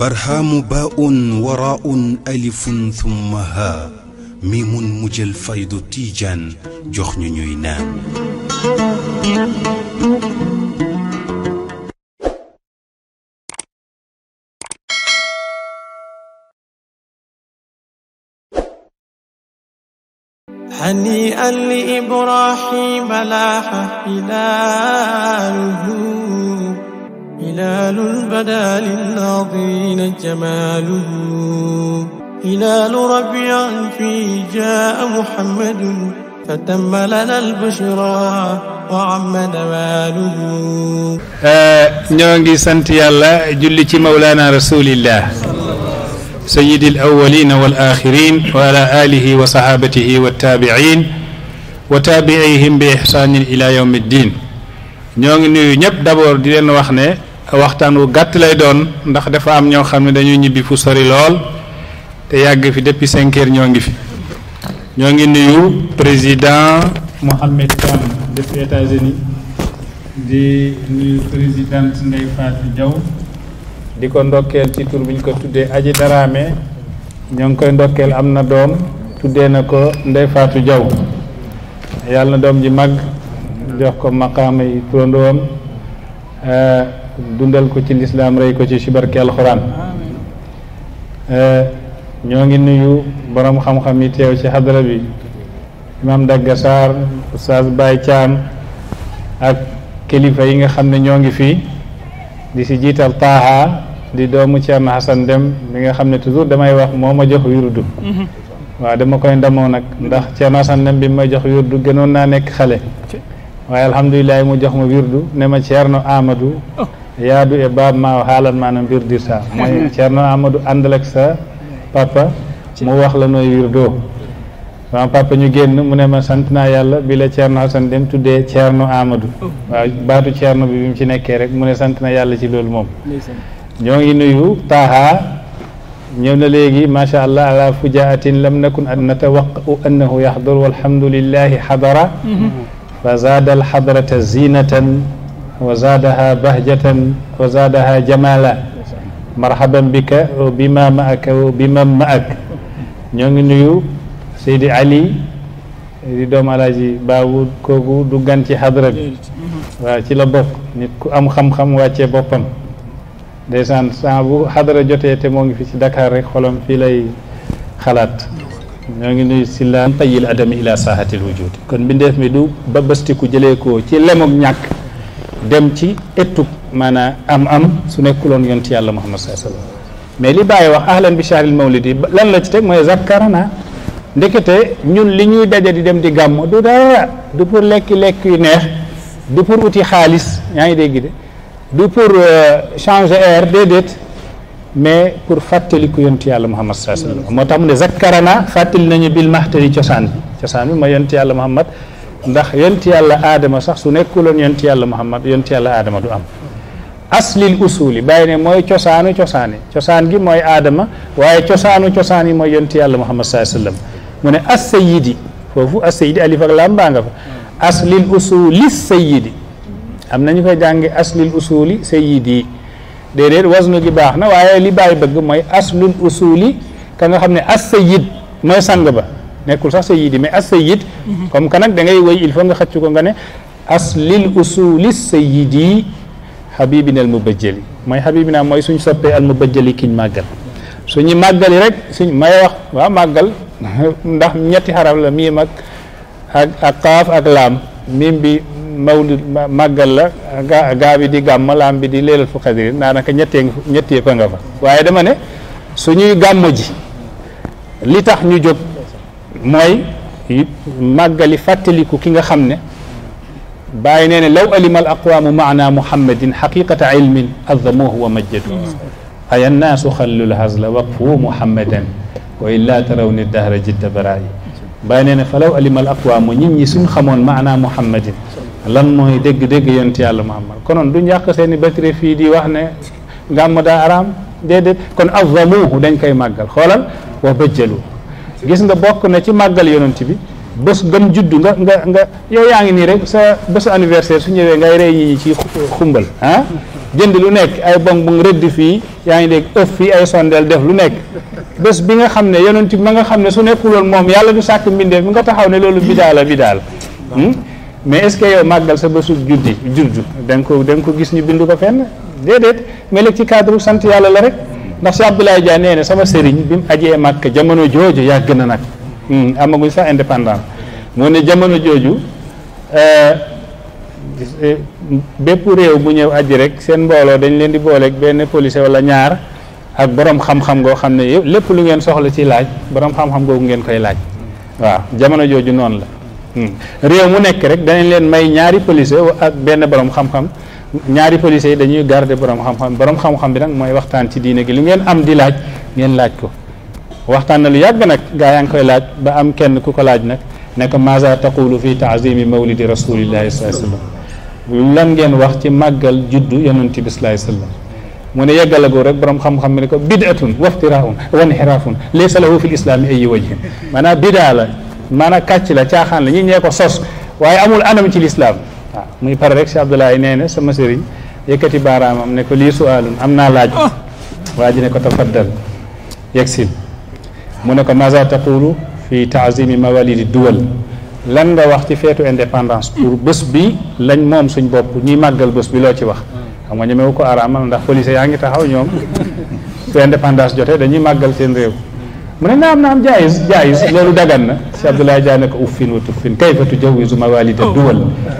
برهام باء وراء ألف ثم ها ميم مجل فيض تيجان جخن نيوي هنيئا لإبراهيم لاح هلاله هلال البدا للناظرين جماله هلال ربيع فيه جاء محمد فتم لنا البشرى وعم نواله نوانجي سنت الله جلتي مولانا رسول الله سيد الأولين والآخرين وعلى آله وصحابته والتابعين وتابعيهم بإحسان إلى يوم الدين ñoo نيو نيب دابور دي di leen waxtaan wu gàtt lay doon ndax dafa am ñoo xam ne dañuy ñibbi fu sori lool te yàgg fi depuis 5 heures ñoo ngi fi ñoo ngi nuyu président mohammed Khan depuis États-Unis di nuyu présidente Ndeye Fatou Diaw di ko ndokkeel ci tur biñ ko tuddee aji daraame ñoo ngi koy ndokkeel am na doom tuddee na ko Ndeye Fatou Diaw yàlla na doom ji mag jox ko maqaama yi dundal ko ci l'islam rey ko ci ci barke amin euh ngi nuyu borom xam-xam yi teew ci hadra bi imam dagga saar oustaz Bay caam ak kelifa yi nga xam ne fi. ngi di ci jital taha di doomu hasan Dem mi nga xam ne toujours damay wax moma ma jox wirdu mhm. wa dama koy ndamo nak ndax hasan Dem bi ma jox wirdu khalen? na nek xale waye alhamdullilah mu jox ma wirdu ne ma Amadou oh. yaadu e baaba ma o haalan ma no mbirdirta moy ceerno amadou àndal ak sa papa mu wax la nooy wirdo sama papa ñu génn mu ne ma sant naa yàlla bi la ceerno Hasan dem tuddee ceerno amadou waaw baatu ceerno bi bi ci nekkee rek mu ne sant na yàlla ci loolu moom ñoo ngi nuyu taaha ñëw na léegi macha allah ala fujaatin lam nakun an natawaqau annahu yaxdur walhamdulillahi xadara mm-hmm. fa zaada alxadrata zinatan وزادها بهجة وزادها جمالا مرحبا بك وبما معك وبمن معك ñoo ngi nuyu Seydi Ali di doom alaji baawu kooku du gan ci xadra bi waaw ci la bokk nit ku am xam-xam wàccee boppam ndeysaan saa bu xadara jotee te moo ngi fi ci Dakar rek xolam lay nuyu tayil adami ila sahati wujud kon bindeef mi du ba bëstiku ko ci dem ci ettub maanaam am am su nekkuloon yonti yàlla muhammad saa sallam mais li bàyyi wax ahlan bi shahril mawlidi lan la ci teg mooy zakkarana ndekete ñun li ñuy daje di dem di gàmm du dara du pour lekki lekk yu neex du pour uti xaalis yaa ngi dégg de du pour euh, change air déedéet mais pour fàttaliku yonti yàlla muhammad saa sallam moo tax mu ne zakkarana fàttali nañu bil mahtari cosaan bi cosaan bi mooy yonti yàlla muhammad ndax yent yàlla aadama sax su nekkuloon yent yàlla muhammad yent yàlla aadama du am aslil usuli bàyyi ne mooy cosaanu cosaani cosaan gi mooy aadama waaye cosaanu cosaan yi mooy yent yàlla muhammad saa sallam mu ne as sayidi foofu as sayidi alif ak laam baa nga fa aslil usuli sayidi am na ñu koy jànge aslil usuli sayidi déedéet wasnu gi baax na waaye li bàyyi bëgg mooy aslul usuli ka nga xam ne as sayid mooy sang ba Nekul sax sayidi mais as sayyid comme kan nak da ngay way il faut nga xëcc ko nga ne as lil as sayidi habibina al Mubajjal. mooy habibina moy suñu soppé al mubajjal kiñ magal suñu magal. rek suñu may wax wa magal nah, ndax ñetti haram la mi mak ak ak qaaf ak lam mim bi mawlid magal la ga bi di gam lam bi di leelal fu xadiri daanaka ñettee ñettee fa nga fa waye dama ne suñuy gamuji ji li tax ñu jog moy magali fatali fàttaliku ki nga xamne baye bàyyi law alima al aqwaamu maana muhammadin haqiqata ilmin azamuhu wa majjadu ay khallu xallul hasla waqfu muhammadan wa illa taraw ni dahra jidda baray baye nee falaw fa law al aqwaamu nit ñi suñ xamone maana muhammadin lan moy deg deg yent yàlla muhammad konon du ñak seeni bakri fi di wax ne ngàmm daa araam déedéet kon azamuhu dañ koy magal xolal wa bajjalu gis nga bokk na ci màggal yonent bi bés gëm juddu nga nga nga yow yaa ngi nii rek sa bésu anniversaire su ñëwee ngay rey ñi ci xumbal ah jënd lu nekk ay bong bong rëdd fii yaa ngi dégg ëf fii ay sondel def lu nekk bés bi nga xam ne yonent bi ma nga xam ne su nekkuloon moom yàlla du sàkk mbindeef mi nga taxaw ne loolu bidaa la bidaa la hmm? mais est ce que yow màggal sa bésu juddi juddu da nga ko da nga ko gis ñu bind ko fenn déedéet mais léegi ci cadre sant yàlla la rek ndax cheikh abdoulaye dia nee sama sëriñ bi mu ajee màkk jamono jooju yàgg na nag hmm, amaguñ sax indépendant mu ne jamono jooju eh, eh, bépp réew bu ñëw aji rek seen mbooloo dañ leen di booleeg benn policier wala ñaar ak borom xam-xam goo xam ne yëpp lépp lu ngeen soxla ci laaj borom xam-xam googu ngeen koy laaj waaw jamono jooju noonu la hmm. réew mu nekk rek danañ leen may ñaari policier ak benn borom xam-xam ñaari police yi dañuy garder borom xam-xam borom xam-xam bi nak moy waxtaan ci diine gi lu ngeen am di laaj ngeen laaj ko waxtaan na lu yag nak gaa yang koy laaj ba am kenn ku ko laaj nak ne ko maza taqulu fi taazimi mawlidi rasulillahi salai sallam lan ngeen wax ci magal juddu yonnati bi sallallahu alayhi wasallam mu ne yegal go rek borom xam-xam ne ko bidatun waftiraun wa inhirafun laysa lahu fil islam islaami ayi wajhin maanaam bidaa la maanaam kàcc la tiaxan la ñi ñe ko sos waye amul anam ci l'islam waaw ah, muy pare rek Cheikh Abdoulaye nee na sama sëriñ yëkkati baaraamam ne ko lii suwaalun am naa laaj oh. waa ji ne ko tafaddal yegsil mu ne ko maza taqulu fi taazimi mawalidi duwal lan nga wax ci feetu indépendance pour bés bi lañ moom suñ bopp ñuy màggal bés bi loo ci wax xam nga ñemewu ko araamal ndax police yaa ngi taxaw ñoom su indépendance jotee dañuy màggal seen réew من نعم نعم جائز جائز لولو دغان سي عبد الله جانك اوفين وتوفين كيف تجوز موالد الدول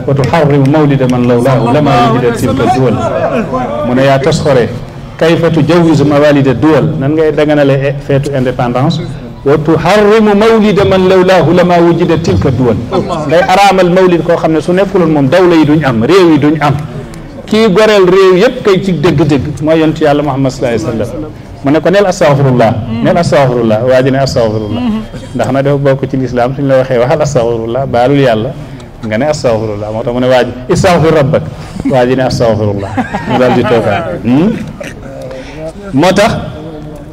وتحرم مولد من لولاه لما وجدت تلك الدول من يا تسخري كيف تجوز موالد الدول نان غاي دغان لي فيت وتحرم مولد من لولاه لما وجدت تلك الدول غاي ارام المولد كو خامني سو نيفول دوله يي ام ريوي دون ام كي غورل ريوي ييب كاي تيك ما يونت يالله محمد صلى الله عليه وسلم mu ne ko neel astaghfirullah mm-hmm. neel astaghfirullah waa ji ne astaghfirullah mm-hmm. ndax na dafa bokk ci lislaam suñ la waxee waxal astaghfirullah baalul yàlla nga ne astaghfirullah moo tax mu ne waa ji istaghfir rabbak waa ji ne astaghfirullah mu daal di toogaan hmm? moo tax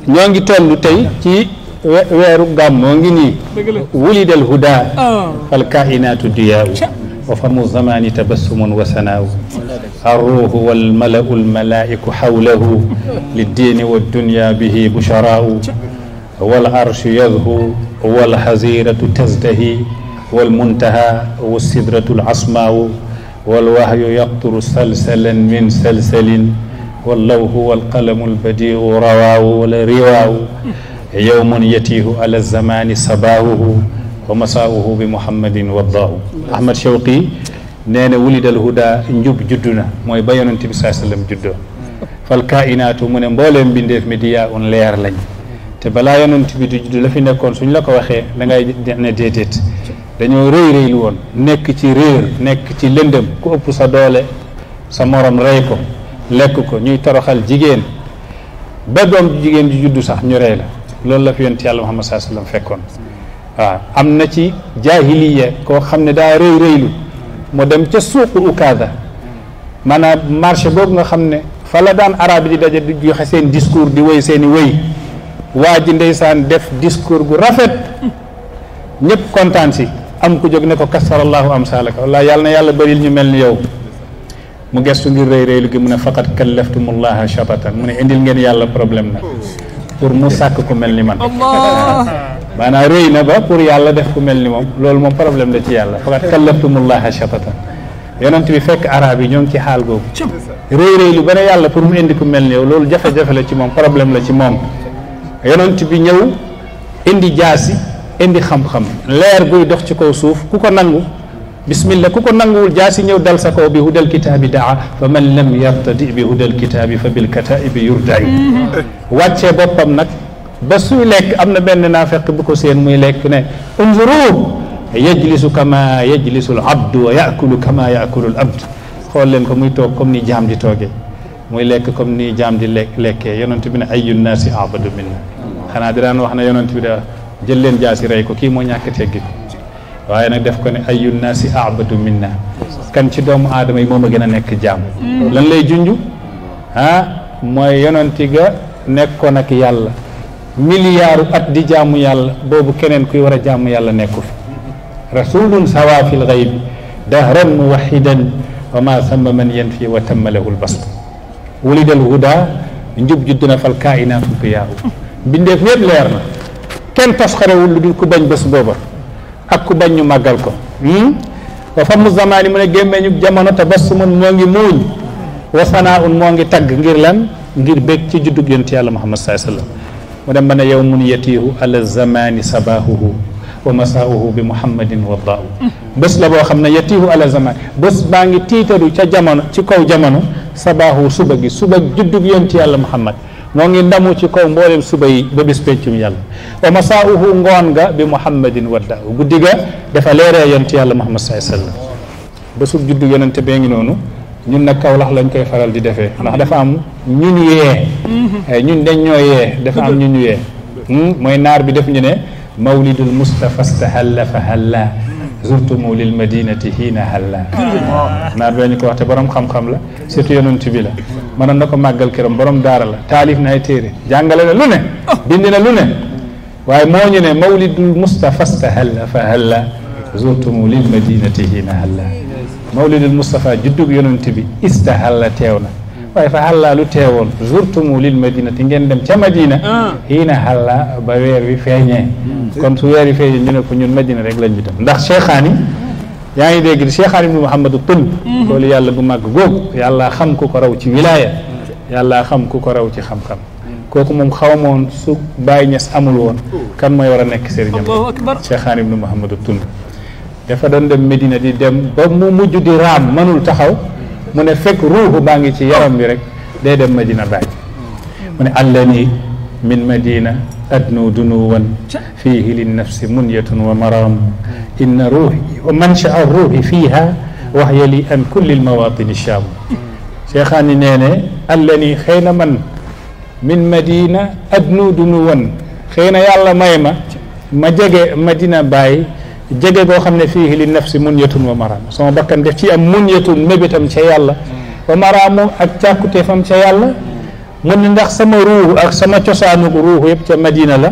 ñoo ngi toll tey ci weeru gàmmoo ngi nii wulidal huda fal oh. kainaatu diyaa وفم الزمان تبسم وسناء الروح والملأ الملائك حوله للدين والدنيا به بشراء والعرش يذهو والحزيرة تزدهي والمنتهى والسدرة العصماء والوهي يقطر سلسلا من سلسل واللوح والقلم البديع رواه والرواء يوم يتيه على الزمان صباهه ومساوه بمحمد وضاه احمد شوقي نانا ولد الهدى نجوب جدنا موي بيان انتبه صلى الله عليه وسلم جدو فالكائنات من مبولم بين ديف ميديا اون لير لاني تبلا يننتبه جدو لفي نكون سن لاكو واخي دا غاي ديديت دانيو ري ري لون نيك تي رير نيك تي لندم كو اوب سا دوله سا مورم ري كو جيجين بيغوم جيجين جدو صاح ني ري لا لول محمد صلى الله عليه وسلم فيكون waaw am na ci jaahiliya koo xam ne daa rëy rëylu mu dem ca suuqu ukaada maanaam marché boobu nga xam ne fa la daan arab yi di daje di joxe seen discours di wéy seen i wéy waa ji ndeysaan def discours gu rafet ñëpp kontaan si am ku jóg ne ko kasarallahu am saalaka walla yàlla na yàlla bëril ñu mel ni yow mu gestu ngir rëy rëylu gi mu ne faqat kallaftumullah shatatan mu ne indil ngeen yàlla problème na pour mu sàkk ku mel ni man maanaam rëy na ba pour yàlla def ku mel ni moom loolu moom problème la ci yàlla faqad kallabtumullaha shatatan yonent bi fekk arab yi ñoo ngi ci xaal googu rëy rëy lu bari yàlla pour mu indi ku mel ni yow loolu jafe-jafe la ci moom problème la ci moom yonent bi ñëw indi jaasi indi xam-xam leer buy dox ci kaw suuf ku ko nangu bismillah ku ko nanguwul jaasi ñëw dal sa kaw bi hudal kitaabi daa fa man lam yartadi bi hudal kitaabi fa bil kataibi yurday wàccee boppam nag ba suy lekk am na benn naafeq bu ko seen muy lekk ne unzuru yajlisu kama yajlisu al abdu wa yaakulu kama yaakulu al abdu xool leen ko muy toog comme ni jaam di tooge muy lekk comme ni jaam di lekk lekkee yonent bi ne ayu naasi abadu minna xanaa di daan wax ne yonent bi da jël leen jaasi rey ko kii moo ñàkk teggi ko waye nak def ko ne ayyun nasi a'budu minna kan ci doomu adamay moma gëna nek jamm lan lay junj ha ah, moy yonenti ga nekko nak yalla milliard at di jamm yalla bobu kenen kuy wara jamm yalla nekku rasulun sawa fil ghaib, dahran muwaxidan wa ma sama man yen fii wa tammalahu Wulid wulida alhuda njub judduna fal kainatu qiyaaru bindef yeb leer na kenn tasxarewul du ko bañ bes boba ak ku bañ ñu màggal ko hmm? wa famu zamaani mu ne gémmeñu jamono te bassumun moo ngi muuñ wa sanaaun moo ngi tagg ngir lan ngir bég ci juddug yonent yàlla muhammad saai sallam mu dem ba ne yow mun yatiihu ala zamaani sabahuhu wa masaauhu bi muhammadin waddaahu bés la boo xam ne yatiihu ala zamaani bés baa ngi tiitaru ca jamono ci kaw jamono sabaahu suba gi suba juddug yonent yàlla muhammad noo ngi ndamu ci kaw mbolem suba yi ba bis pencum yàlla wa masaa'uhu ngon nga bi muhammadin wadda guddiga dafa lere yonent yàlla muhammad saai sallam ba sub juddu yonente be ngi nonu ñun nak kaw lax lañ koy faral di defé ndax dafa am ñun yee ñun dañ ñoy yé dafa am ñun yee moy nar bi def ñu ne mawlidul mustafa stahalla fa halla zurtumu lil madinati hiina halla naar bee ñu ko wax te borom xam-xam la surtout yonent bi la mënoon na ko màggal këram borom daara la taalif na ay téere jàngale na lu ne bindi na lu ne waaye moo ñu mustafa stahalla fa halla zurtumu lil madinati hiina halla mawlidul mustafa juddug yonent bi istahalla teew na waaye fa halla lu teewoon zurtumu lil madinati ngeen dem ca madina ah. hiina halla ba weer wi feeñee hmm. kon su weer wi feeñee ñu ne ko ñun madina rek lañ ñu dem ndax cheikhaani yaa ngi dégg di Cheikh Alimou Mouhamadou Toul. loolu yàlla gu màgg googu. yàlla xam ku ko raw ci wilaaya. yàlla xam ku ko raw ci xam-xam. kooku moom xaw ma woon su Baye Niass amul woon. kan mooy war a nekk sëriñam. Cheikh Alimou Mouhamadou Toul. dafa doon dem Medina di dem ba mu mujj di raam mënul taxaw. mu ne fekk ruuxu baa ngi ci yaram bi rek. day dem Medina Baye. mu ne allani min Medina. أدنو دنوا فيه للنفس منية ومرام إن روحي ومنشأ الروح فيها وهي لي أن كل المواطن الشام شيخاني نيني ألني خين من من مدينة أدنو دنوا يا الله مايما ما مدينة باي jege بو خمنا فيه للنفس منية ومرام munyatun wa maraam sama bakkan def ci am munyatun mébitam ca yàlla mu ne ndax sama ruuxu ak sama cosaanu ruuxu yëpp ca madina la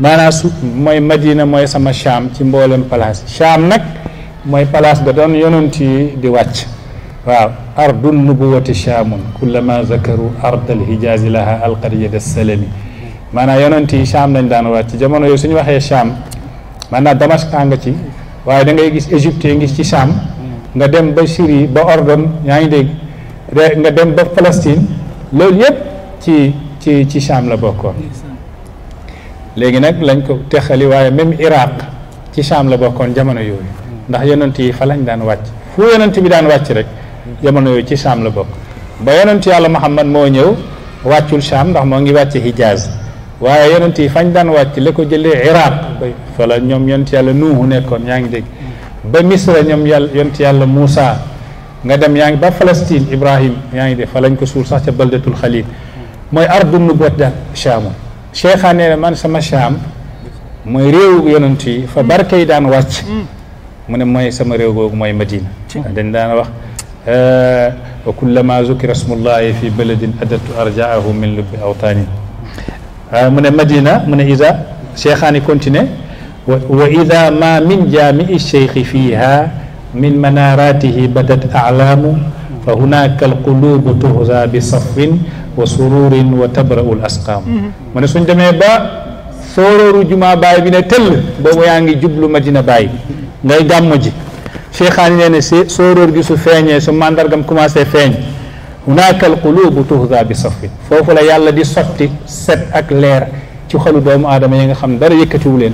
maanaam su mooy madina mooy sama cham ci mboolem place cham nag mooy place ba doon yonent yi di wàcc waaw ardun nubuwati chamun kullama zakaru ard alhijaazi laha alqariyat assalami maanaam yonent yi cham lañ daan wàcc jamono yooyu suñu waxee cham maanaam damask nga ci waaye da ngay gis égypte ngis ci cham nga dem ba Syrie ba Ordon yaa ngi dégg nga dem ba Palestine loolu yëpp ci ci ci Cham la bokkoon léegi nag lañ ko texali waaye même Iraq ci Cham la bokkoon jamono yooyu ndax yonent yi fa lañ daan wàcc fu yonent bi daan wàcc rek jamono yooyu ci Cham la bokk ba yonent yàlla Muhammad moo ñëw wàccul Cham ndax moo ngi wàcc Hijaaz waaye yonent yi fañ daan wàcc la ko jëlee Iraq fa la ñoom yonent yàlla Nuuhu nekkoon yaa ngi dégg ba Misra ñoom yàlla yonent yàlla Muusa nga dem yaa ngi ba Palestine Ibrahim yaa ngi dégg fa lañ ko suul sax ca baldatul Xalil moy ardu nubuwwata Chaamu Cheikhaan nee na man sama sham moy rew yonenti fa barkay dan wàcc mune moy mooy sama réew googu mooy Madina dañ daan wax wa kullama zukira smullah fi baladin adattu arjaahu min lubbi awtani mune medina mune iza ne isa continué wa iza ma min jami'i cheikhi fiha من مناراته بدت أعلام فهناك القلوب alqulubu بصف wa sururin wa tabra'ul asqaam mu ne suñ demee ba soorooru jumaa baay bi ne tëll boobu yaa ngi jublu madina baay ngay gàmmu ji cheikhaani nee ne si sooroor gi su feeñee su mandargam commencé feeñ hunaka al qulubu tuhda bi safin foofu la yàlla di sotti set ak leer ci xolu doomu aadama yi nga xam ne dara yëkkatiwu leen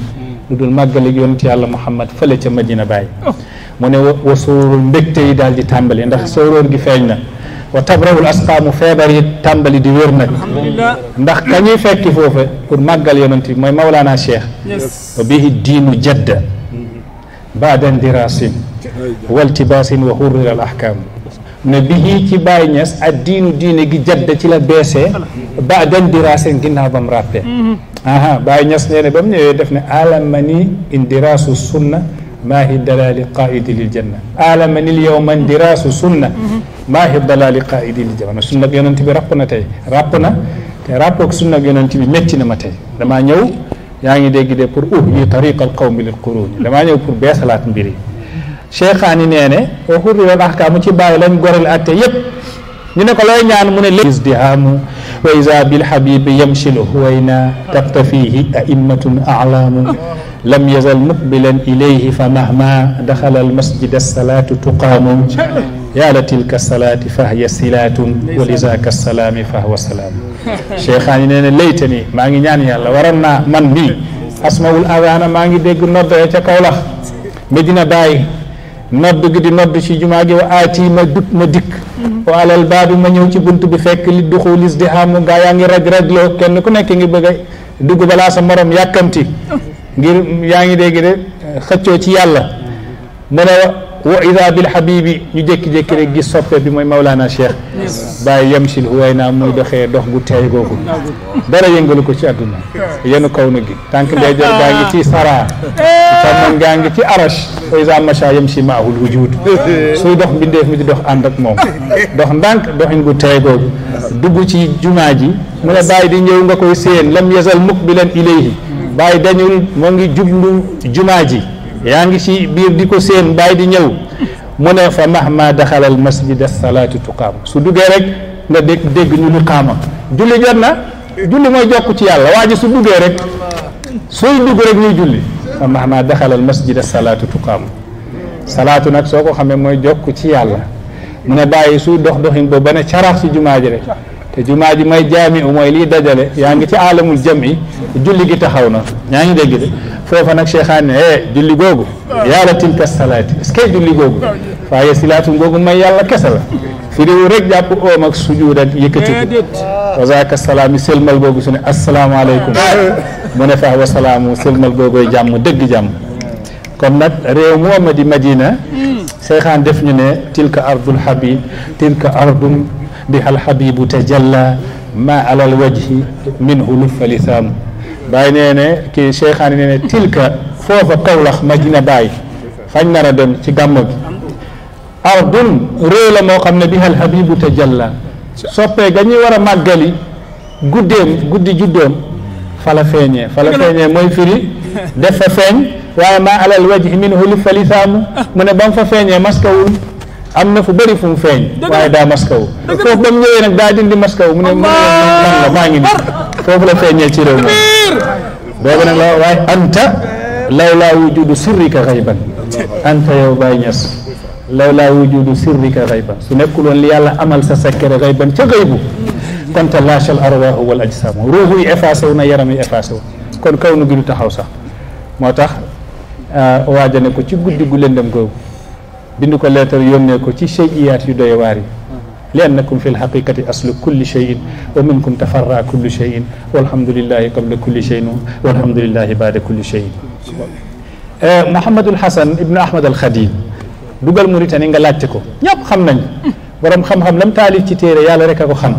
lu dul màggale yonent yàlla muhammad fële ca madina baay oh. mu ne wa sooroor mbégte yi daal di tàmbali ndax sooroor gi feeñ na wa tabrawul asqaamu feebar yi tambali di wér nag ndax ka fekki fofé pour magal yonenti moy maulana mawlaana cheikh wa bihi diinu jadda baada ndiraasin waltibaasin wa hurrira al ahkam. ne bihi ci Baye Niass ak diinu gi jadda ci la bessé ba'da dirasin bam rappé mhm. aha Baye Niass nee ne ba mu def ne alamani sunna maahi dalali qaidi lil janna alamanil yow man diraasu sunna maahi dalali qaidi lil janna sunna yonent bi ràpp na tey ràpp na te ràppoog sunna yonent bi métti na ma tey damaa ñëw yaa ngi dégg de pour uhyi tariqa al qawmi lil quruni damaa ñëw pour beesalaat mbir yi cheikhaani nee ne wa hurrimat ahkaamu ci bàyyi lañ gorel atte yépp ñu ne ko looy ñaan mu ne l isdihaamu wa isa bilhabibi yamshil huwayna taqtafihi aimmatun alaamu lam yazal muqbilan ilayhi fa mahma daxala al masjid alsalaatu tuqaamu yaala tilka salaati fahya silaatun wa lizaaka salaami fahwa salaam cheikhaan yi nee na laytani maa ngi ñaan yàlla waroon naa man nii asmawul adana maa ngi dégg nodd ya ca Kawlax dina Baay nodd gi di nodd ci jumaa gi wa aati ma dut ma dikk wa alal baabi ma ñëw ci bunt bi fekk li duxul isdihaamu gaa yaa ngi raj rajloo kenn ku nekk ngi bëgg a dugg balaa sa morom yàkkamti ngir yaa ngi dégg de xëccoo ci yàlla mu ne wa ida bil habibi ñu jékki-jékki rek gis soppe bi mooy Maulana Cheikh bàyyi yamsil huway naa muy doxee dox gu teey googu dara yëngalu ko ci àdduna yenu kaw na gi tànk ndeyjoor gaa ngi ci sara càmmoñ gaa ngi ci arash wa ida macha yamsi maahul wujud suy dox mbindeef mi di dox ànd ak moom dox ndànk doxin gu teey googu dugg ci jumaa ji mu ne bàyyi di ñëw nga koy séen lam yazal muqbilan ilayhi bàyyi dañul moo ngi jublu jumaa ji yaa ngi ci biir di ko séen bàyyi di ñëw mu ne fa mahma daxalal masjid as-salaatu tuqaamu su duggee rek nga dégg dégg ñu lu xaama julli jot na julli mooy jokk ci yàlla waa ji su duggee rek sooy dugg rek ñuy julli fa mahma daxalal masjid as-salaatu tuqaamu salaatu nag soo ko xamee mooy jokk ci yàlla mu ne bàyyi su dox doxin boobu ba ne caraax ci jumaa ji rek te jumaa ji may jaami mooy liy dajale yaa ngi ci alamul jami julli gi taxaw na ñaa ngi dégg de foofa nag cheikhaan ne eh julli googu yàlla tilka salaati est-ce julli googu waaye silaatun googu may yàlla kese la firiwu rek jàpp oom ak sujuud ak yëkkati wa zaaka salaam yi sëlmal googu su ne asalaamaaleykum mu ne fa wa salaamu sëlmal googoy jàmm dëgg jàmm kon nag réew mooma di madina hmm. cheikhaan def ñu ne tilka ardul habib tilka ardul biha alhabibu tajalla ma alal wajhi minhu luffa lisaamu bàyyi nee ne kii cheikhaani nee ne tilka foofa kawlax Madina Baay fañ nar a dem ci gàmmo bi ardun réew la moo xam ne biha alhabibu tajalla soppee ga ñuy war a màggali guddeem guddi juddoom fala feeñee fala feeñee mooy firi def fa feeñ waaye ma alal wajhi minhu luffa lisaamu mu ne ba mu fa feeñee maskawul am na fu bëri fu mu feeñ. waaye daa maskaw foofu ba mu ñëwee nag daa dindi maskaw mu ne man la maa ngi nii foofu la feeñee ci réew mi boobu nag la waaye anta lawlaa wujudu sirrika xayban anta yow Baay Ñas lawlaa wujudu sirrika xayban su nekkuloon li yàlla amal sa sakkere xayban ca xaybu kon te laachal arwaahu wal ajsaam ruuxu yi effacé wu na yaram yi effacé wu kon kaw nu gi du taxaw sax moo tax ah, waaja ne ko ci guddi gu lëndëm googu بندق الله تر يونيكو تي شيء يات يدوي واري لأنكم في الحقيقة أصل كل شيء ومنكم تفرع كل شيء والحمد لله قبل كل شيء والحمد لله بعد كل شيء آه، محمد الحسن ابن أحمد الخديل دوغال موريتاني غلاتكو ياب خم نان بروم خم خم لم تالي تيري يالا ريكا كو خم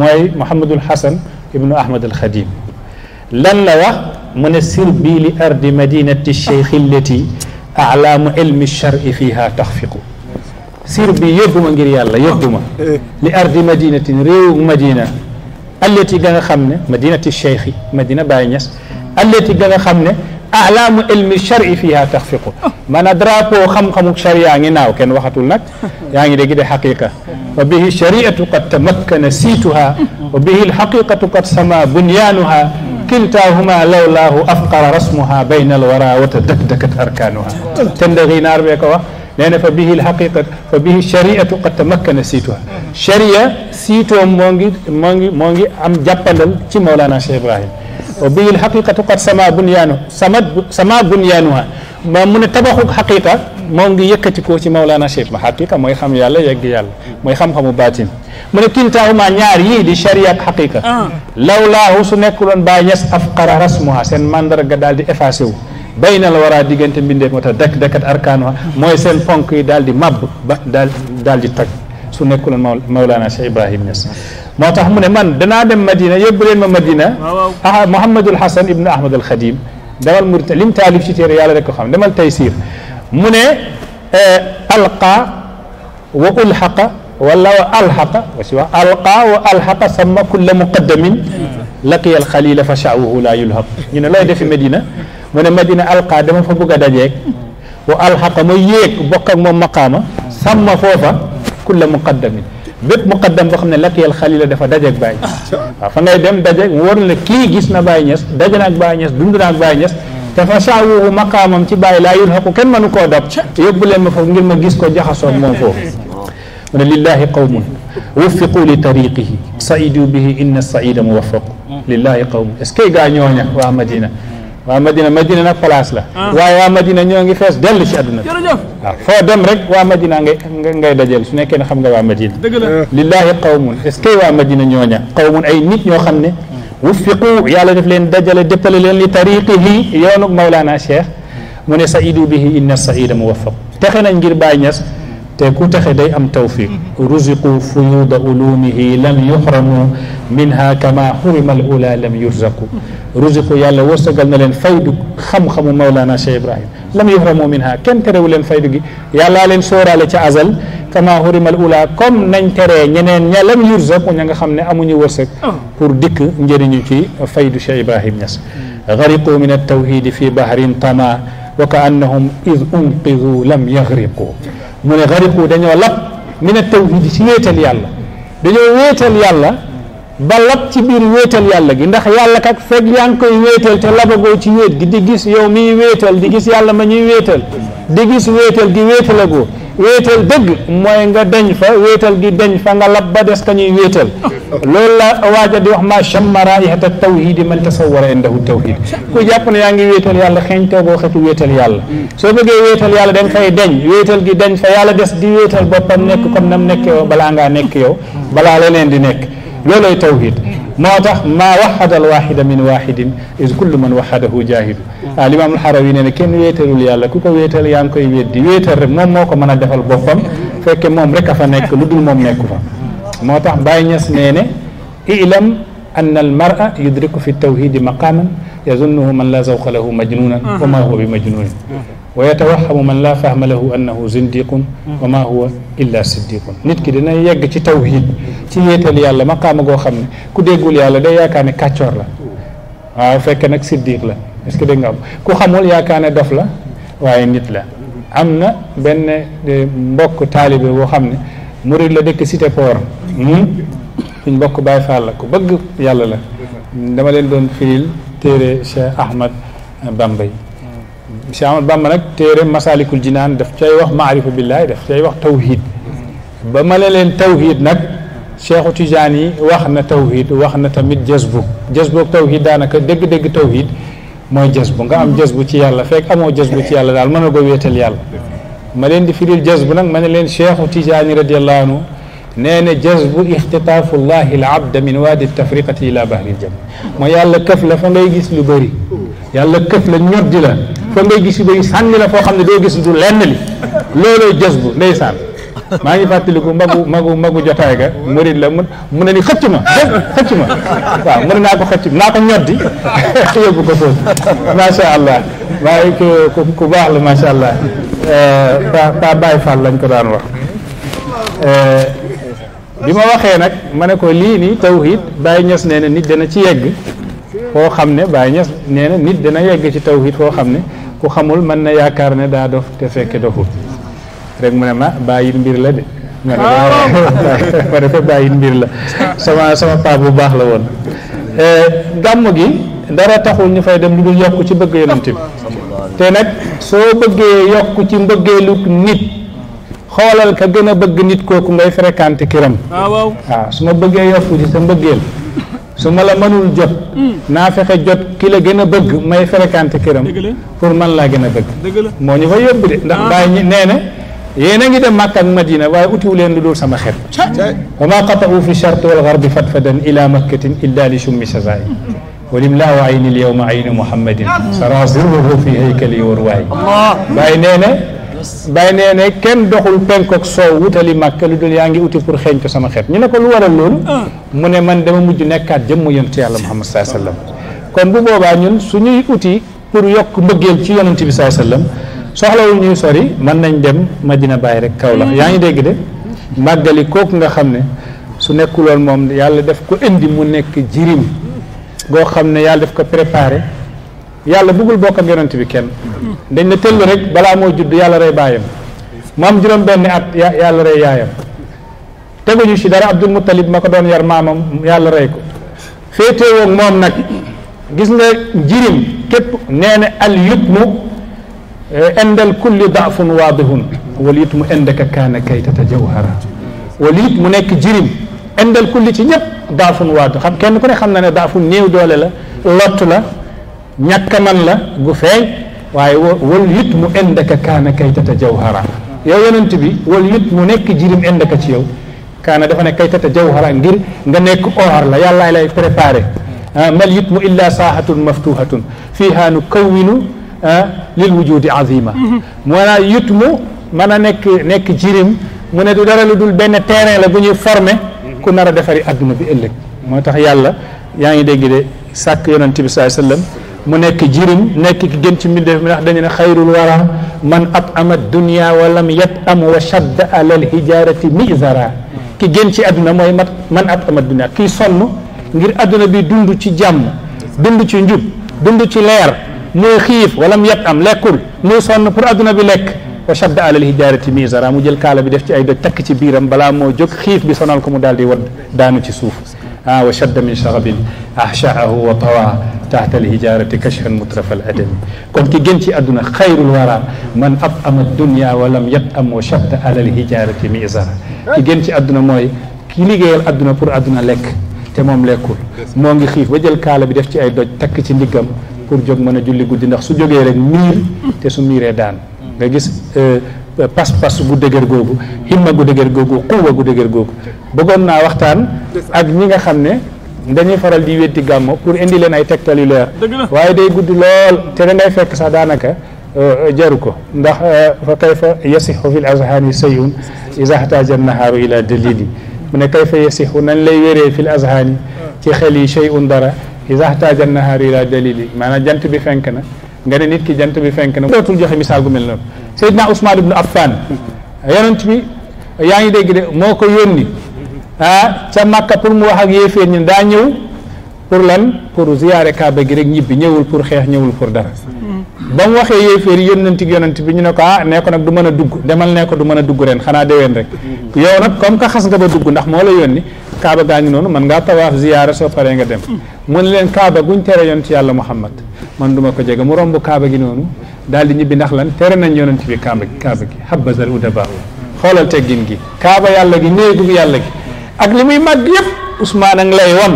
موي محمد الحسن ابن احمد الخديم لن لا واخ بي لي مدينه الشيخ التي أعلام علم الشرع فيها تخفق سير بي يوبو غير يالا يوبوما لارض مدينه ريو مدينه التي غا خامني مدينه الشيخ مدينه باينيس التي غا خامني اعلام علم الشرع فيها تخفق ما ندراكو خم خم الشريعه ني ناو كان واخاتول نك ياغي يعني دي دي حقيقه وبه الشريعه قد تمكن سيتها وبه الحقيقه قد سما بنيانها كلتاهما لولاه أفقر رسمها بين الورى وتدكدكت أركانها تندغي نار بيكوا لأن فبه الحقيقة فبه الشريعة قد تمكن سيتها شريعة سيتو مونغي مونغي مونغي أم جبلل تي مولانا شيخ إبراهيم وبه الحقيقة قد سما بنيانه سما بنيانها ba mu ne tabaxu xaqiqa moom ngi yëkkatikoo ci Maulana Cheikh ba xaqiqa mooy xam yàlla yegg yàlla mooy xam-xamu baatin mu ne kiltaahuma ñaar yii di charia ak xaqiqa lawlaahu su nekkuloon bàyyi ñes afqara rasmuha seen mandarga daal di effacé wu bay na la war a diggante mbindeef moo tax dakk dakkat arkaanuha mooy seen ponk yi daal di màbb ba daal daal di tag su nekkuloon Maulana Cheikh Ibrahim Niass moo tax mu ne man danaa dem Madina yóbbu leen ma Madina ah Mouhamadul Hasan ibnu Ahmad al Khadim دمال مرت لم تعلم شيء ريال ذاك خام دمال تيسير من آه، ألقى وألحق ولا ألحق وسوى ألقى وألحق سما كل مقدم لقي الخليل فشعوه لا يلهق هنا لا يدفي مدينة من مدينة ألقى دم فبقى دجاج وألحق ما يك بقى مقامه سما فوفا كل مقدم bépp muqaddam boo xam ne lakkiyal xalila dafa dajeeg Baye Niass ah. waaw fa ngay dem dajeeg mu na kii gis na Baye Niass daje na ak Baye Niass dund na ak Baye Niass te fa saawuhu maqaamam ci Baye laa yulhaqu kenn mënu koo dab yóbbu leen ma foofu ngir ma gis ko jaxasoog moom foofu mu ne lillahi qawmun wuffiqu li tariqihi saidu bihi inna saida muwaffaqu mm. lillahi qawmun est ce que gaa ñooña waa Madina waa Madina Madina nag place la. Ah. waaye waa Madina ñoo ngi fees dell ci àdduna bi. waaw foo dem rek waa Madina ngay ngay dajeel su nekkee ne xam nga waa Madina. dëgg la lillaahi qawmun est ce que waa Madina ñooña qawmun ay nit ñoo xam ne. wufiqu yàlla def leen dajale dëppale leen li tariqihi yoonu Mawlana Cheikh mu ne saidu bihi inna saida muwaffaq texe nañ ngir Baay Ñas تكوت خدي أم توفيق رزقوا فيوض علومه لم يحرموا منها كما حرم الأولى لم يرزقوا رزقوا يا الله وسجلنا لن فيد خم خم مولانا شيخ إبراهيم لم يحرموا منها كم كروا لن فيد يا الله لن صورة لتعزل كما حرم الأولى كم ننكر ينن يا لم يرزق ونحن خم نأمني وسج pour dik njeriñu ci faydu cheikh ibrahim nias gariqu min at-tawhid fi bahrin tama wa ka'annahum iz unqidhu mu ne xariqu dañoo lab mi ne tawhid ci wéetal yàlla dañoo wéetal yàlla ba lab ci biir wéetal yàlla gi ndax yàlla kat fekk yaa ngi koy wéetal te labagoo ci wéet gi di gis yow miy wéetal di gis yàlla ma ñuy wéetal di gis wéetal gi wéetalagoo wéetal dëgg mooy nga dañ fa wéetal gi dañ fa nga lab ba des ka ñuy wéetal loolu la waaja di wax maa chamma raihata tawhidi man tasawara indahu tawhid ku jàpp ne yaa ngi wéetal yàlla xeeñ toogoo xetu wéetal yàlla soo bëggee wéetal yàlla da nga fay dañ wéetal gi dañ fa yàlla des di wéetal boppam nekk comme nam nekk yow balaa ngaa nekk yow balaa leneen di nekk looloy tawhid moo tax maa waxada alwaxida min waxidin is kullu man waxadahu jahidu ah limaamul xarawi nee na kenn wéetalul yàlla ku ko wéetal yaa ngi koy weddi wéetal rek moom moo ko mën a defal boppam fekke moom rek a fa nekk lu dul moom nekku fa moo tax Baay Ñas nee ne ilam an al mara yudriku fi tawhidi maqaman yazunnuhu man la zawqa lahu majnunan wa ma huwa bi majnunin wa yatawahamu man la fahma lahu annahu zindiqun wa ma huwa illa siddiqun nit ki dina yegg ci tawhid ci wéetal yàlla maqaama goo xam ne ku déggul yàlla day yaakaar ne kàccoor la waaw fekke nag siddiq la est-ce que dégg nga xam ku xamul yaakaar ne dof la waaye nit la am na benn mbokk taalibe boo xam ne murid la dëkk cité port hmm? suñ mbokk Baye Fall la ku bëgg yàlla la dama leen doon firil téere Cheikh Ahmad Bamba yi Cheikh Ahmad Bamba nag téere Masalikul Jinaan daf cay wax maarifa billahi daf cay wax tawhid ba ma ne leen tawhid nag Cheikhu Tijaan yi wax na tawhid wax na tamit jazbu jazbu ak tawhid daanaka dëgg-dëgg tawhid moy jës bu nga am jës bu ci yàlla fek amo jës bu ci yàlla dal man nga wetal yàlla ma len di firil jës bu nag ma ne leen cheikhu tijaani anhu nee na jës bu ixtitaafullahi l min wadi tafriqati ila bahri aljam mooy yàlla këf la fa ngay gis lu bëri yàlla këf la ñoddi la fa ngay gis lu bëri sànni la fo xamne do gis du len li lolo jës bu ndeysaan maa ngi fàttaliku magu magu magu jotaay ga murid la mun mu ne ni xëcc ma xëcc ma waaw mu ne naa ko xëcc naa ko ñoddi yóbbu ko foofu macha allah waaye ku ku baax la macha allah eh, pa pa Baye Fall lañ ko daan wax eh, bi ma waxee nag ma ne ko lii nii tawhid Baye ños nee na nit dana ci yegg foo xam ne Baye Niass nee na nit dana yegg ci tawhid foo xam ne ku xamul mën na yaakaar ne daa dof te fekke doful rek mu ne ma bàyyil mbir la de ma ne ko ah, mbir la sama sama paa bu baax la woon eh, gàmm gi dara taxul ñu fay dem lu dul yokk ci bëgg yonent bi te nag soo bëggee yokk ci mbëggeelu nit xoolal ka gën a bëgg nit kooku ngay fréquenté kiram ah, waaw ah, su ma bëggee yokku ci sa mbëggeel su ma la mënul jot hmm. naa fexe jot ki la gën a bëgg may fréquenté kiram pour man laa gën a bëgg moo ñu fa yóbbu de ndax bàyyi nee ينجي دم مكة المدينة وأتوا لين دول سما خير وما قطعوا في شرط والغرب فتفدا إلى مكة إلا لشم شزاي ولملا عين اليوم عين محمد سرازره في هيكل ورواي بينينا بينينا كم دخل بنكوك سو وتلي مكة لدول يانجي أتوا فور خير سما خير نقول ورا اللون من من دم مدينة كات جم محمد صلى الله عليه وسلم كم بوبا بانيون سني أتي pour ah. yok mbeugel ci yonnati bi sallallahu alayhi wasallam soxlawul ñuy sori mën nañ dem ma dina bàyyi rek kaw la mm. yaa ngi dégg de màggali kooku nga xam ne su nekkuloon moom yàlla def ko indi mu nekk jirim goo xam ne yàlla def ko préparé yàlla bëggul bokk ak yonent bi kenn dañ ne tëll rek balaa moo judd yàlla rey baayam mu am juróom benn at yàlla rey yaayam teguñu ci dara Abdul Muttalib ma ko doon yar maamam yàlla rey ko féetewoog moom nag gis nga jirim képp nee na al عند الكل ضعف واضح waliit mu indaka kaana kaytata jawhara waliit mu nekk jirim indal kulli ci ñëpp daafun waadu xam kenn ku ne xam na ne daafun néew doole la lott la ñàkk man la gu feeñ waaye waliit mu indaka kaana kaytata jawhara yow yonent bi waliit mu nekk jirim indaka ci yow kaana dafa ne kaytata jawhara ngir nga nekk oor la yàllaa lay préparé mal yit mu illa saahatun maftuhatun fiiha nu kawwinu للوجود عظيمة مونا يتمو مانا نك نك جيريم مونا دو دارا لودول بن تيرين لا بوني فورمي كو نارا ديفاري ادنا بي الك موتاخ يالا ياغي ديغي دي ساك يونتي بي صلى الله عليه وسلم مو نك جيريم نك گين تي ميندف مي خ داني خير الورى من اطعم الدنيا ولم يطعم وشد على الحجاره ميزرا كي گين تي ادنا موي مات اطعم الدنيا كي سون غير ادنا بي دوندو تي جام دوندو تي نجوب دوندو تي لير موي ولم يطعم لاكل موي سون بور ادنا بي وشد على الهداره ميزرا مو جيل كالا بي ديف تي اي دو بلا مو جوك خيف بي سونال كومو دالدي ورد دانو تي سوف آه وشد من شغب احشعه وطوى تحت الهجارة كشفا مترف الأدم كون كي جنتي أدنى خير الورى من أطأم الدنيا ولم يطأم وشد على الهجارة ميزرا كي جنتي أدنى موي كي لي أدنى بور أدنى لك تمام لكل مونغي خيف وجل كالا بدفتي أي دوج تك تي pour jóg mën julli guddi ndax su jógee rek mir te su miré daan nga gis euh pass pass bu dëgër gogou himma gu dëgër gogou xuwa gu dëgër gogou bëggon na waxtaan ak ñi nga xamné dañuy faral di wéti gàmmo pour indi len ay tegtal yu leer waye day guddi lool te da ngay fekk sax daanaka jaru ko ndax fa kayfa yasixu fi l azhaani sayun isa xtaaja nahaaru ila dalili mu ne kayfa yasixu nañ lay wéree fi l ci xel shayun dara isa taaja nahaar ila dalili maanaam jant bi fenk na nga ne nit ki jant bi fenk na dootul joxe misaal gu mel noonu Seydina Ousmane ibnu Affan yonent bi yaa ngi dégg de moo ko yónni ah sa Makka pour mu wax ak yéeféer ñi daa ñëw pour lan pour ziyaare Kaaba gi rek ñibbi ñëwul pour xeex ñëwul pour dara ba mu waxee yéeféer yónnanti yonent bi ñu ne ko ah nee ko nag du mën a dugg demal ne ko du mën a dugg ren xanaa déwén rek yow nag comme que xas nga ba dugg ndax moo la yónni kaaba gaa ngi noonu man ngaa tawaaf ziyaara soo paree nga dem mu ne leen kaaba guñ tere yonent yàlla Muhammad man duma ko jege mu romb kaaba gi noonu daal di ñibbi ndax lan tere nañ yonent bi kaaba gi kaaba gi habbazal udabaaw xoolal teggin gi kaaba yàlla gi néegu yàlla gi ak li muy màgg yëpp Ousmane a ngi lay won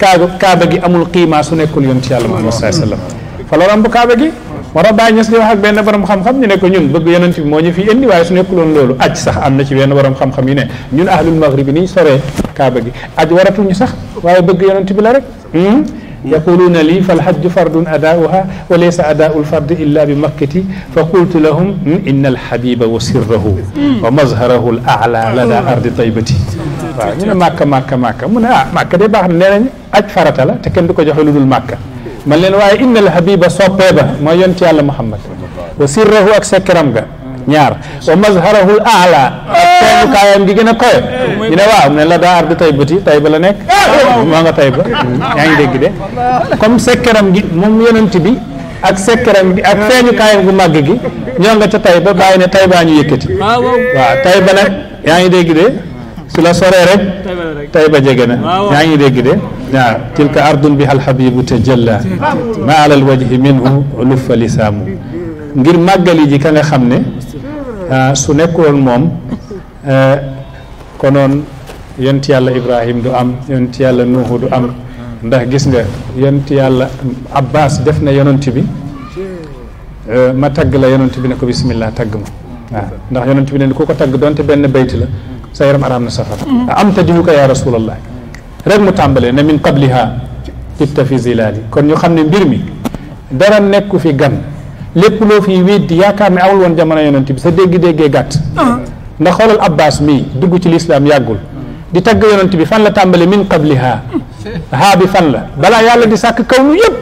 kaaba kaaba gi amul qiima su nekkul yonent yàlla Muhammad sallallahu alayhi wa sallam fa la romb kaaba gi moo tax bàyyi ñes li wax ak benn borom xam-xam ñu ne ko ñun bëgg yonent bi moo ñu fi indi waaye su nekkuloon loolu aj sax am na ci benn borom xam-xam yu ne ñun ahlul maghrib ni soree kaaba gi aj waratuñu sax waaye bëgg yonent bi la rek يقولون لي فالحج فرد أداؤها وليس أداء الفرد إلا بمكة فقلت لهم إن الحبيب وسره ومظهره الأعلى لدى أرض طيبتي من مكة مكة مكة من مكة ne ah màkka de baax na nee nañ المكة man leen waaye innal habiba soppee ba mooy yonti yàlla muhammad wa sirrahu ak sekkiram ga ñaar wa mazharahul a ak teenu gi gën a koy ñu ne waaw mu ne la daa ardi tay ba la nekk maa nga tay ba yaa ngi dégg de comme sekkiram gi moom yonent bi ak sekkeram gi ak feeñu kaayam gu màgg gi ñoo nga ca tay ba bàyyi ne tay baa ñu yëkkati ah, waaw tay ba nag su la soree rek ba jege na yaa ngi dégg de waaw tilka ardun biha alhabibu tajalla ma ala alwajhi minhu ulufa lisaamu ngir màggali ji ka nga xam ne ah, su nekkoon moom eh, konoon yonent yàlla ibrahim du am yonent yàlla nuuhu du am ndax gis nga yonent yàlla abbas def na yonent bi eh, ma tagg la yonent bi ne ko bismillah tagg ma waaw ndax yonent bi ne ku ko tagg donte benn bayt la sa yaram araam na safara am tajihuka ya rasulallah rek mu tàmbale ne min qabliha tibta fi zilaali kon ñu xam ne mbir mi dara nekku fi gan lépp loo fi weddi yaakaar ne awul woon jamono yonent bi sa dégg-déggee gàtt ndax xoolal abbas mii dugg ci lislaam yàggul di tagg yonent bi fan la tàmbale min qabliha haa bi fan la balaa yàlla di sàkk kaw nu yëpp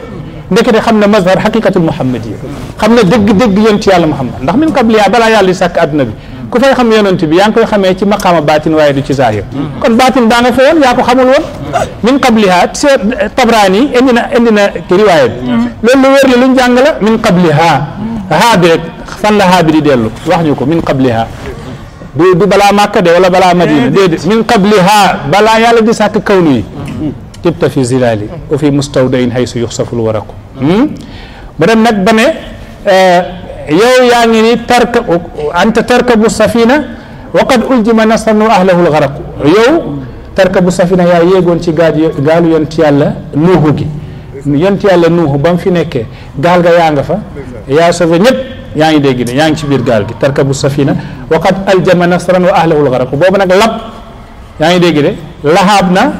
ndekete xam na mazhar xaqiqatul muhammad yi xam na dëgg-dëgg yonent yàlla muhammad ndax min qabliha balaa yàlla di sàkk adduna bi ku fay xam yonent bi yaa ngi koy xamee ci maqaama baatin waaye du ci zahir kon baatin baa nga fa woon yaa ko xamul woon min qabliha seet tabraani indi na lu wér min qabliha haa bi rek di dellu wax ñu ko min qabliha du du balaa Màkka de wala balaa Madina déedéet min qabliha balaa yàlla di sàkk kawnu yi tibta fi zilaali wa fi mustawdain haysu yuxsaful waraqu mu hmm? dem nag ba ne eh, yow yaa ngi ni tarka anta tarkabu safina wa qad uljima nasran wa ahlahu lgaraqu yow tarkabu safina yaa yéegoon ci gaal gaalu yont yàlla nuuhu gi yont yàlla nuuhu ba fi nekkee gaal ga yaa nga fa yaa sauvé ñëpp yaa ngi dégg ne yaa ngi ci biir gaal gi tarkabu safina wa qad aljama nasran wa ahlahu lgaraqu boobu nag lab yaa ngi dégg de lahaab na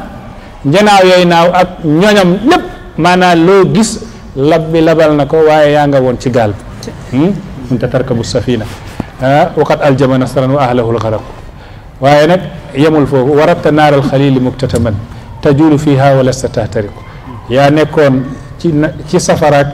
njanaaw yooyu naaw ak ñoñam lépp maanaam loo gis lab bi labal na ko waaye yaa nga woon ci gaal kunta a safina waqad aljama nasran wa ahlahu lgaraqu wa nag yemul foofu warabta naaral xalili muktataman tajulu fiha wa lasta tahtariku yaa nekkoon ci ci safaraak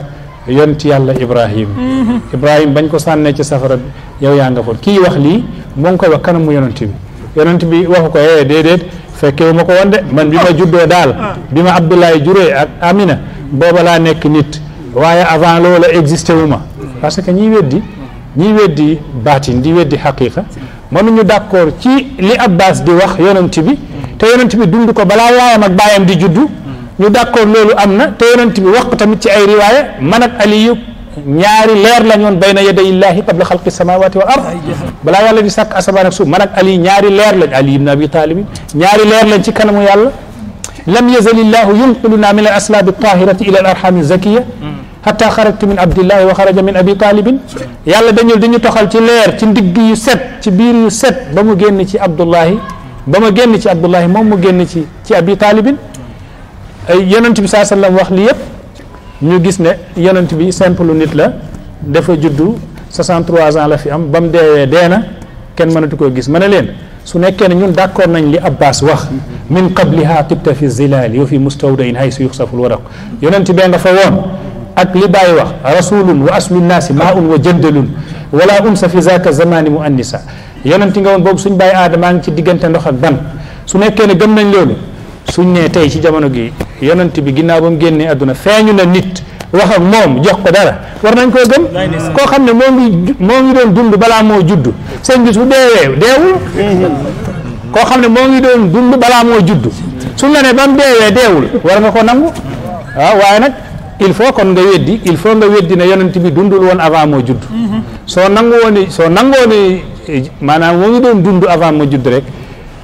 yont yàlla ibrahim ibrahim bañ ko sànnee ci safara yow yaa nga foon kii wax lii moo ngi koy wax mu yonent bi yonent bi waxu ko ee eh, déedéet fekkewu ma ko woon man bi ma juddoo daal ah. bi ma abdoulaye juree ak amina booba laa nekk nit waaye avant loola existé wu ma parce que ñiy weddi ñiy weddi baatin di weddi xaqiqa mënuñu d'accord ci li abbas di wax yonent bi te yonent bi dund ko balaa yaayam ak baayam di juddu ñu d'accord loolu am na te yonent bi wax ko tamit ci ay riwaaya man ak aliyu ñaari leer la ñoon bayna yaday illahi qabla xalqi samawati wal ard balaa yàlla di sàkk asamaan ak suuf man ak ali ñaari leer lañ ali ibn abi talib ñaari leer lañ ci kanamu yàlla لم يزل الله ينقلنا من الأسلاب الطاهرة إلى الأرحام الزكية حتى خرجت من عبد الله وخرج من أبي طالب يلا دانيو دانيو توخال تي لير تي ندغ يو سيت تي بير يو سيت بامو ген تي عبد الله بامو ген تي عبد الله مومو ген تي تي أبي طالب اي يونت بي صلى الله عليه وسلم واخ لي ييب ñu غيس ne يونت بي سامبل نيت لا دافا جودو 63 ans la fi am bam deewee dee na kenn mënatu koo gis ma su nekkee ne ñun d'accord nañ li Abbas wax min qabliha tibta fi zilaal yow fi mustawdain hay su yuxsaful waraq yonent bee nga fa woon ak li bàyyi wax rasulun wa aslu nnaasi maa un wa jëndalun wala unsa fi zaka zamani mu annisa yonent nga woon boobu suñ bàyyi aadamaa ngi ci diggante ndox ak ban su nekkee ne gën nañ loolu suñ nee tey ci jamono gi yonent bi ginnaaw ba mu génnee àdduna feeñu na nit wax ak mom jox ko dara war nañ ko gëm ko xamne mo ngi mo ngi doon dund bala mo judd sëñ bi su deewee deewul ko xamne mo ngi doon dund bala mo judd su la né ba mu deewee war nga ko nangu wa way nak il faut kon nga weddi il faut nga weddi ne yonent bi dundul won avant mo judd so nangu woni so nangu woni maanaam mo ngi doon dund avant mo judd rek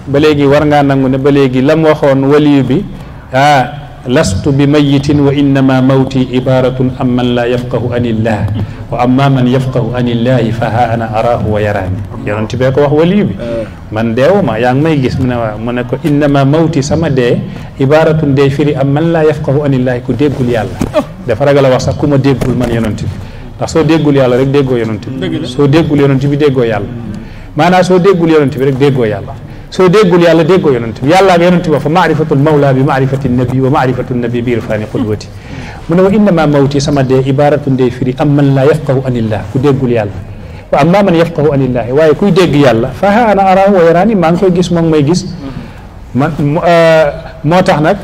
ba légui war nga nangu né ba légui lam waxone waliyu bi ah lastu bi mayitin wa innama mawti ibaratun am man laa yafqahu an illah wa amma man yafqahu an illahi fa ha ana araahu wa yaraani yonent bee ko wax waliyu bi man deewuma yaa ngi may gis mu ne waaw mu ne ko innama mawti sama de ibaratun de firi am man laa yafqahu an illahi ku déggul yàlla dafa ragal a wax sax ku ma déggul man yonent bi ndax soo déggul yàlla rek déggoo yonent bi soo déggul yonent bi déggoo yàlla maanaam soo déggul yonent bi rek déggoo yàlla soo déggul yàlla déggoo yonent bi yàlla ak yonent ba fa maarifatul mawla bi maarifati nabi wa maarifatu nabi bi irfaani qudwati mu ne wa innama mawti sama dee ibaratun day firi am man laa yafqahu anillah ku déggul yàlla wa amma man yafqahu anillaahi waaye kuy dégg yàlla fa ha ana araahu wa yaraani maa ngi koy gis moom may gis man euh, moo tax nag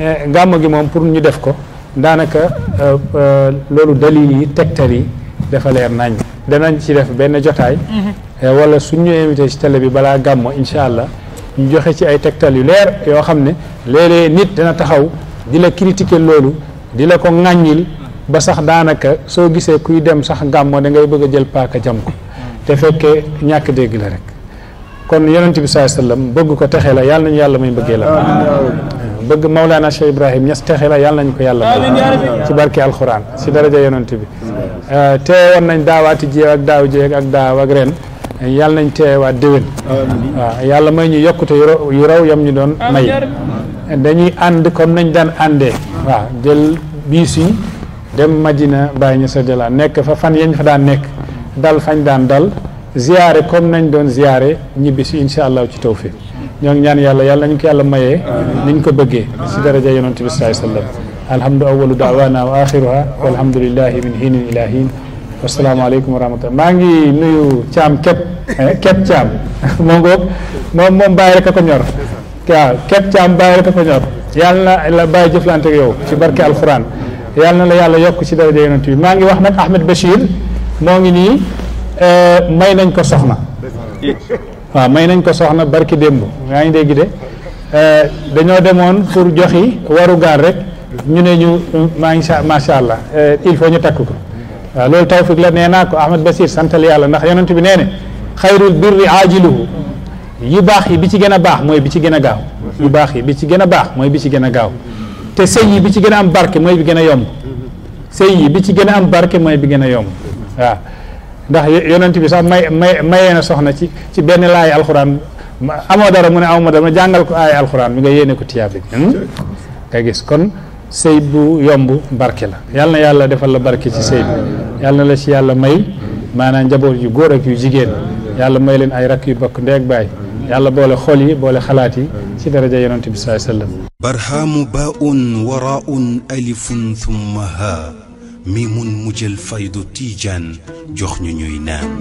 eh, gàmmu gi moom pour ñu def ko daanaka euh, euh, loolu dalil yi tegtal yi dafa leer nañ danañ ci def benn jotaay. Mm-hmm. Eh, wala suñ ñu invité ci télé bi balaa gàmmo incha allah ñu joxe ci ay tegtal yu leer yoo xam ne léeg-léeg nit dana taxaw di la critiquer loolu di la ko ŋàññil ba sax daanaka soo gisee kuy dem sax gàmmo da ngay bëgg a jël paaka jam ko mm-hmm. te fekkee ñàkk dégg la rek kon yonent bi saa sallam bëgg ko texe la yàlla nañu yàlla may bëggee la eh, bëgg Maulana Cheikh Ibrahim ñas texe la yàlla nañu ko yàlla may ci barke alxuraan si daraja yonent bi mm-hmm. Euh, teewoon nañ daawaati jéeg ak daaw jéeg ak daaw ak ren yàlla nañ teewaat déwén waaw yàlla may ñu yokkute yu raw yam ñu doon may dañuy ànd comme nañ daan àndee waaw jël biis yi dem Madina bàyyi ñu sa jëlaat nekk fa fan yañ fa daan nekk dal fañ daan dal ziyaare comme nañ doon ziyaare ñibbi si incha allah ci tawfiq ñoo ngi ñaan yàlla yàlla nañ ko yàlla mayee ñu ko bëggee si daraja yonent bi sallallahu alayhi wa Alhamdulillah awalu da'wana wa akhiruha walhamdulillahi min hinin ila hin wasalaamaaleykum wa rahmatullah maa ngi nuyu caam képp eh, képp caam moo ngoog moom moom bàyyi rek a ya, ko ñor waaw képp caam bàyyi rek a ko ñor yàlla na la bàyyi jëflante ak yow ci barke alquran yàlla na la yàlla yokk ci daraja yonent bi maa ngi wax nag Ahmed Bachir moo ngi nii eh, may nañ ko soxna waaw may nañ ko soxna barki eh, pour joxi rek ñu ne ñu macha macha allah eh, il faut ñu takk ko waaw loolu tawfiq la nee naa ko Ahmad Basir santal yàlla ndax yonent bi nee ne xayrul birri aajiluhu yu baax yi bi ci gën a baax mooy bi ci gën a gaaw yu baax yi bi ci gën a baax mooy bi ci gën a gaaw te sëy yi bi ci gën a am barke mooy bi gën a yomb sëy yi bi ci gën a am barke mooy bi gën a yomb waaw ndax yonent bi sax may may mayee na soxna ci ci benn laay alxuraan amoo dara mu ne amoo dara ma jàngal ko aay alxuraan mi nga yéene ko tiyaab bi hmm? nga gis kon sëy bu yomb barki la yàlla na yàlla defal la barki ci sëy bi yàlla na la ci yàlla may maanaam njaboot yu góor ak yu jigéen yàlla may leen ay rakk yu bokk ndey ak baay yàlla boole xool yi boole xalaat yi ci daraja yonent bi saai sallam barhaamu baaun waraaun alifun thumma haa miimun mujjal faydu tiijaan jox ñu ñuy naan